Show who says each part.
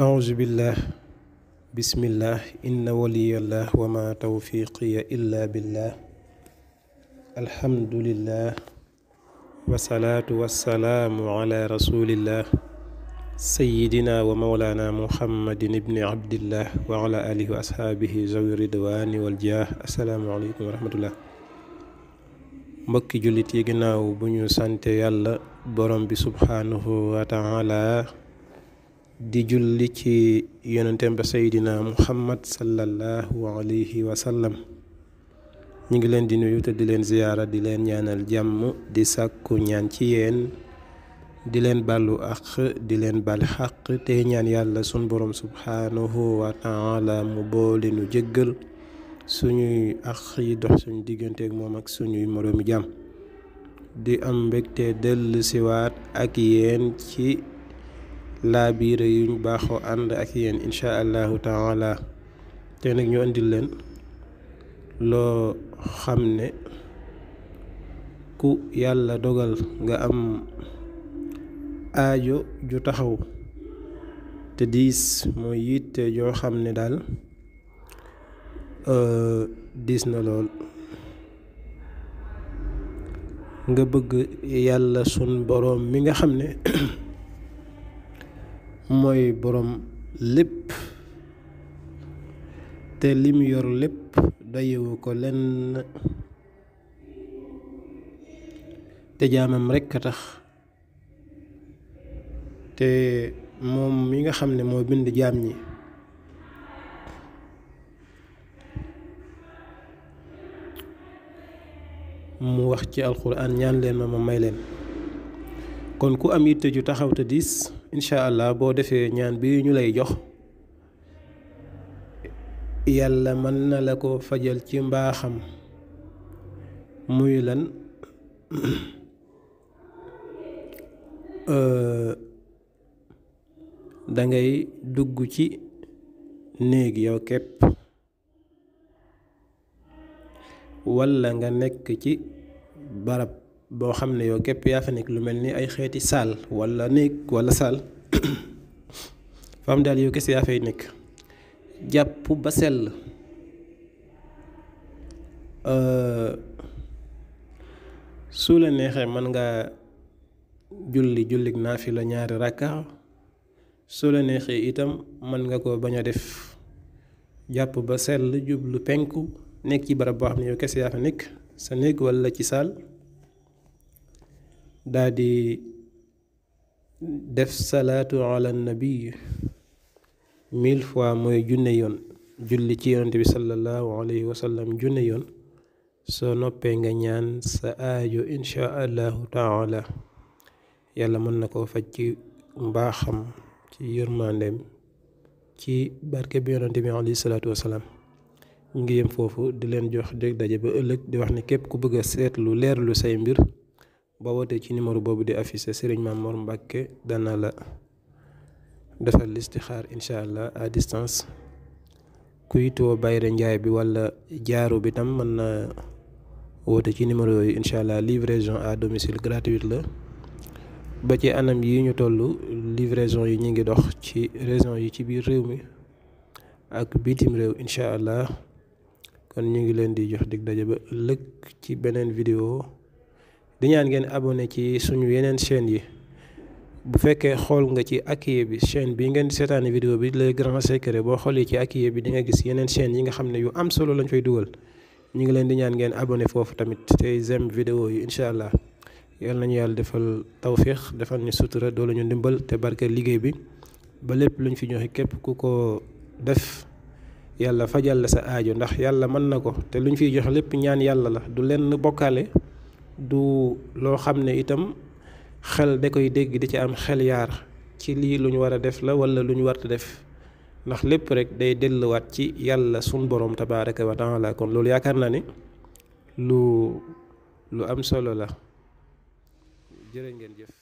Speaker 1: أعوذ بالله بسم الله إن ولي الله وما توفيقي إلا بالله الحمد لله والصلاة والسلام على رسول الله سيدنا ومولانا محمد بن عبد الله وعلى آله وأصحابه ذوي الرضوان والجاه السلام عليكم ورحمة الله mbokki jullit بنيو ginnaaw bu ñu sante yàlla di julli ci yonenteem ba seydina muhammad sallallahu alayhi wa sallam ñu ngi leen di nuyu te di leen ziyaara di leen ñaanal jàmm di sàkku ñaan ci yeen di leen bàllu àq di leen bal xaq te ñaan yàlla sun borom subhaanahu wa mu boole nu jëggal suñuy àq yi dox suñu digganteek moom ak suñuy moroomi jàmm di am mbégte dellu siwaat ak yéen ci laa yu ñu baaxoo ànd ak yéen incha allahu taala te nag ñu andil leen loo xam ne ku yàlla dogal nga am aajo ju taxaw te diis mooy yitte joo xam ne daal euh, diis na lool nga bëgg yàlla sun boroom mi nga xam ne mooy boroom lépp te lim yor lépp dayewu ko lenn te jaamam rekk a tax te moom mi nga xam ni moo bind jaam yi mu wax ci alxuraan ñaan leen ma ma may leen kon ku am yitte yu taxawte diis incha allah boo defee ñaan bi ñu lay jox yàlla mën na la ko fajal ci mbaaxam muy lan dangay dugg ci néeg yow képp walla nga nekk ci barab bo xamne yo yow ya fa nek lu melni ay xeeti sal wala nek wala sal fam dal yo kess ya fay nek japp ba euh su la neexee man nga julli jullik nafila ñaari rakka su la itam man nga ko baña def japp ba sel jublu penku nek ci barab bo xamne yo kess ya fa nek sa nek wala ci sal daa di def salaatu ala nabi mille fois mooy junne yoon julli ci yonante bi sallallahu alayhi junne yoon soo noppee nga ñaan sa aajo insha allahu taala yàlla mën na koo faj ci mbaaxam ci yërmandeem ci barke bi yonante bi alayhi salaatu wa salaam ñu ngi yem foofu di leen jox dég daje ba ëllëg di wax ne képp ku bëgg a seetlu leerlu say mbir boo wootee ci numéro boobu di affiché Serigne Mame Mor Mbacke dana la defal listixaar incha allah à distance kuy tuwo bayre njaay bi walla jaaro bi tam mën na woote ci numéro yooyu incha allah livraision à domicile gratuite la ba ci anam yi ñu toll livraison yi ñu ngi dox ci région yi ci biir réew mi ak bitim réew incha allah kon ñu ngi leen di jox dig daje ba ëllëg ci beneen vidéo di ñaan ngeen abonné ci suñu yeneen chaîne yi bu fekkee xool nga ci accueil bi chaîne bi ngeen seetaane vidéo bi les grands secrets boo xoolee ci accueil bi di nga gis yeneen chaîne yi nga xam ne yu am solo lañ fay dugal ñu ngi leen di ñaan ngeen abonné foofu tamit tey j'aime vidéo yi incha allah yal nañu yàlla defal tawféex defal ñu sutura doole ñu ndimbal te barke liggéey bi ba lépp lu ñu fi joxe képp ku ko def yàlla fajal sa aajo ndax yàlla mën na ko te luñ fiy joxe lépp ñaan yàlla la du leen bokkaale. du loo xam ne itam xel da koy dégg di ci am xel yaar ci lii lu ñu war a def la wala lu ñu warta def ndax lépp rek day delluwaat ci yàlla sun borom tabaraka wa taala kon loolu yaakaar naa ne lu lu am solo la jërë ngeen jëf